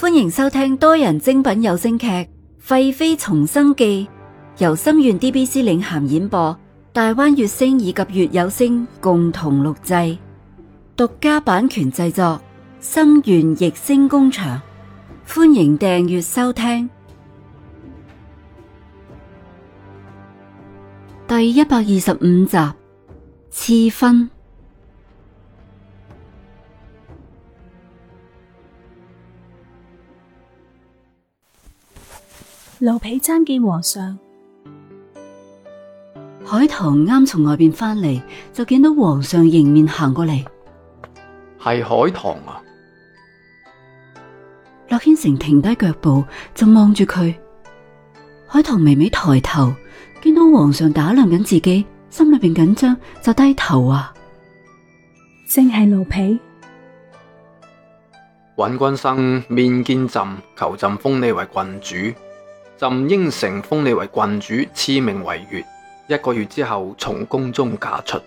歡迎收聽多人精品有聲劇《廢妃重生記》，由心願 DBC 領銜演播，大灣月星以及月有聲共同錄製，獨家版權製作，心願逸星工場。歡迎訂閱收聽第一百二十五集，賜婚。奴婢參見皇上。海棠啱從外邊翻嚟，就見到皇上迎面行過嚟，係海棠啊！洛軒成停低腳步就望住佢。海棠微微抬頭，見到皇上打量緊自己，心裏邊緊張就低頭啊。正係奴婢。尹君生面見朕，求朕封,封你為郡主。朕應承封你為郡主，賜名為月。一個月之後，從宮中嫁出。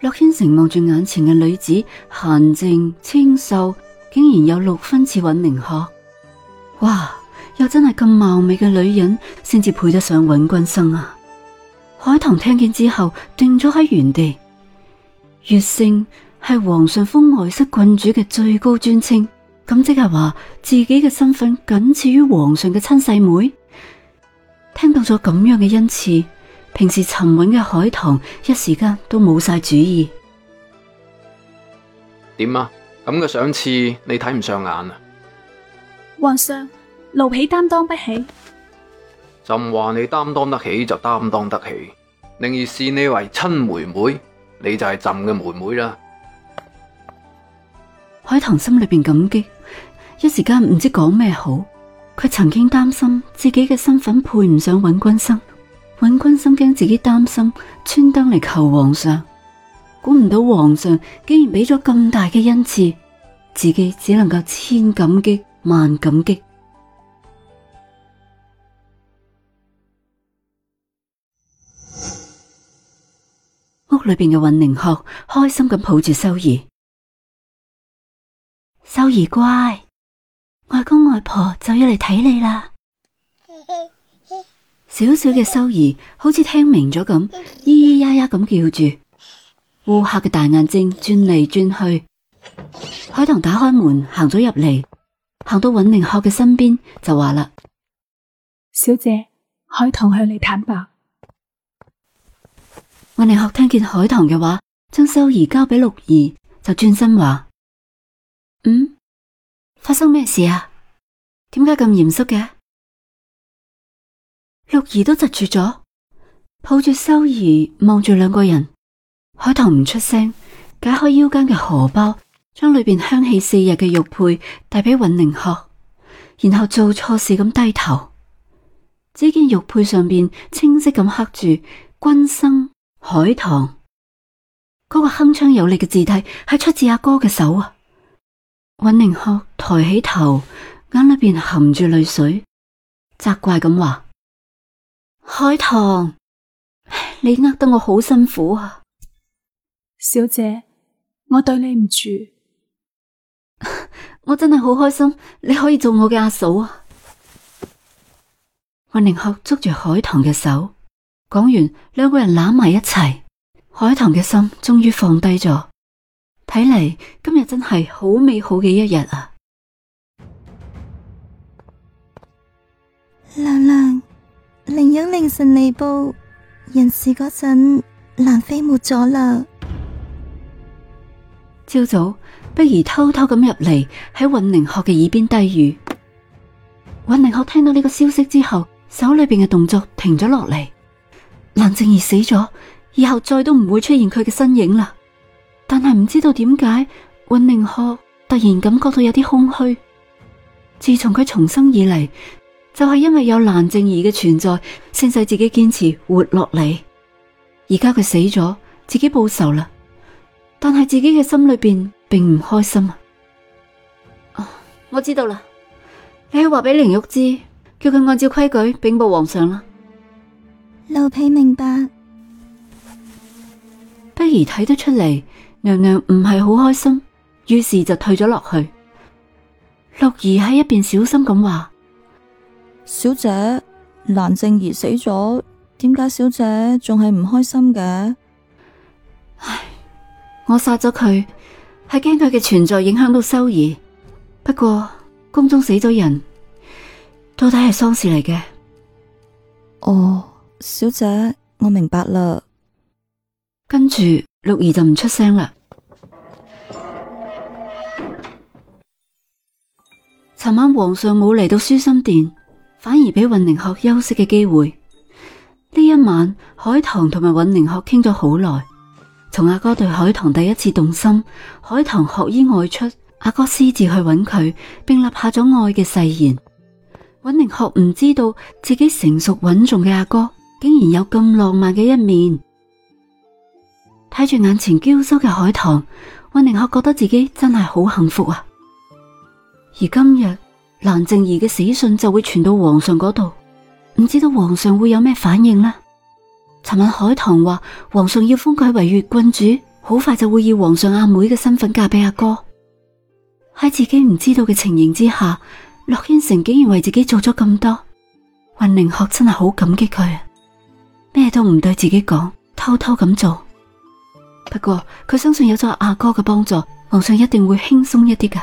洛軒成望住眼前嘅女子，嫻靜清秀，竟然有六分似尹明鶴。哇，又真係咁貌美嘅女人，先至配得上尹君生啊！海棠聽見之後，定咗喺原地。月姓係皇上封外室郡主嘅最高尊稱。咁即係話自己嘅身份僅次於皇上嘅親細妹，聽到咗咁樣嘅恩賜，平時沉穩嘅海棠一時間都冇晒主意。點啊？咁嘅賞賜你睇唔上眼啊？皇上，奴婢擔當不起。朕話你擔當得起就擔當得起，寧願視你為親妹妹，你就係朕嘅妹妹啦。海棠心裏邊感激。一時間唔知講咩好，佢曾經擔心自己嘅身份配唔上尹君生，尹君生驚自己擔心，專登嚟，求皇上，估唔到皇上竟然俾咗咁大嘅恩賜，自己只能夠千感激萬感激。屋裏邊嘅尹寧學開心咁抱住修兒，修兒乖。外公外婆就要嚟睇你啦，小小嘅修儀好似聽明咗咁，咿咿呀呀咁叫住，烏黑嘅大眼睛轉嚟轉去。海棠打開門行咗入嚟，行到尹明學嘅身邊就話啦：小姐，海棠向你坦白。尹明學聽見海棠嘅話，將修儀交俾六儀，就轉身話：嗯。生咩事啊？點解咁嚴肅嘅？六兒都窒住咗，抱住修兒，望住兩個人。海棠唔出聲，解開腰間嘅荷包，將裏邊香氣四溢嘅玉佩帶俾允寧喝，然後做錯事咁低頭。只見玉佩上邊清晰咁刻住“君生海棠”嗰個鏗鏘有力嘅字體，係出自阿哥嘅手啊！尹寧鶴抬起頭，眼裏邊含住淚水，責怪咁話：海棠，你呃得我好辛苦啊！小姐，我對你唔住， 我真係好開心，你可以做我嘅阿嫂啊！尹寧鶴捉住海棠嘅手，講完，兩個人攬埋一齊，海棠嘅心終於放低咗。睇嚟今日真係好美好嘅一日啊！娘娘，靈隱凌晨離報人事嗰陣，蘭妃沒咗啦。朝早，碧兒偷偷咁入嚟喺尹寧學嘅耳邊低語。尹寧學聽到呢個消息之後，手裏邊嘅動作停咗落嚟。蘭靜兒死咗，以後再都唔會出現佢嘅身影啦。但係唔知道點解，尹寧鶴突然感覺到有啲空虛。自從佢重生以嚟，就係、是、因為有蘭靜兒嘅存在，先使自己堅持活落嚟。而家佢死咗，自己報仇啦。但係自己嘅心裏邊並唔開心啊、哦！我知道啦，你要話俾凌玉知，叫佢按照規矩稟報皇上啦。奴婢明白，不如睇得出嚟。娘娘唔係好開心，於是就退咗落去。六兒喺一邊小心咁話：小姐蘭靜儀死咗，點解小姐仲係唔開心嘅？唉，我殺咗佢，係驚佢嘅存在影響到修儀。不過宮中死咗人，到底係喪事嚟嘅。哦，小姐，我明白啦。跟住六兒就唔出聲啦。尋晚皇上冇嚟到舒心殿，反而俾允寧學休息嘅機會。呢一晚，海棠同埋允寧學傾咗好耐，從阿哥，哥對海棠第一次動心，海棠學醫外出，阿哥私自去揾佢，並立下咗愛嘅誓言。允寧學唔知道自己成熟穩重嘅阿哥、哥，竟然有咁浪漫嘅一面。睇住眼前嬌羞嘅海棠，允寧學覺得自己真係好幸福啊！而今日蘭靜兒嘅死訊就會傳到皇上嗰度，唔知道皇上會有咩反應呢？尋日海棠話皇上要封佢為月郡主，好快就會以皇上阿妹嘅身份嫁俾阿哥。喺自己唔知道嘅情形之下，洛軒成竟然為自己做咗咁多，雲凌鶴真係好感激佢，咩都唔對自己講，偷偷咁做。不過佢相信有咗阿哥嘅幫助，皇上一定會輕鬆一啲噶。